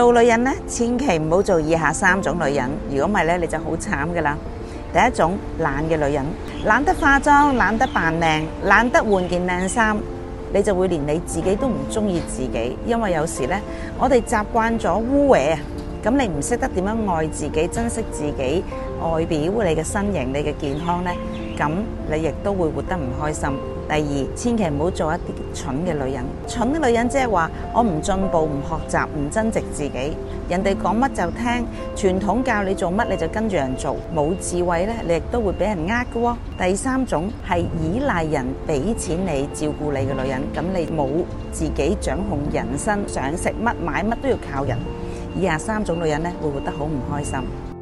做女人咧，千祈唔好做以下三種女人。如果唔係咧，你就好慘噶啦。第一種懶嘅女人，懶得化妝，懶得扮靚，懶得換件靚衫，你就會連你自己都唔中意自己。因為有時咧，我哋習慣咗污穢啊，咁你唔識得點樣愛自己、珍惜自己外表，你嘅身形，你嘅健康咧，咁你亦都會活得唔開心。第二，千祈唔好做一啲蠢嘅女人。蠢嘅女人即係話，我唔進步、唔學習、唔增值自己，人哋講乜就聽。傳統教你做乜，你就跟住人做，冇智慧咧，你亦都會俾人呃嘅。第三種係依賴人俾錢你照顧你嘅女人，咁你冇自己掌控人生，想食乜買乜都要靠人。以下三種女人咧，會活得好唔開心。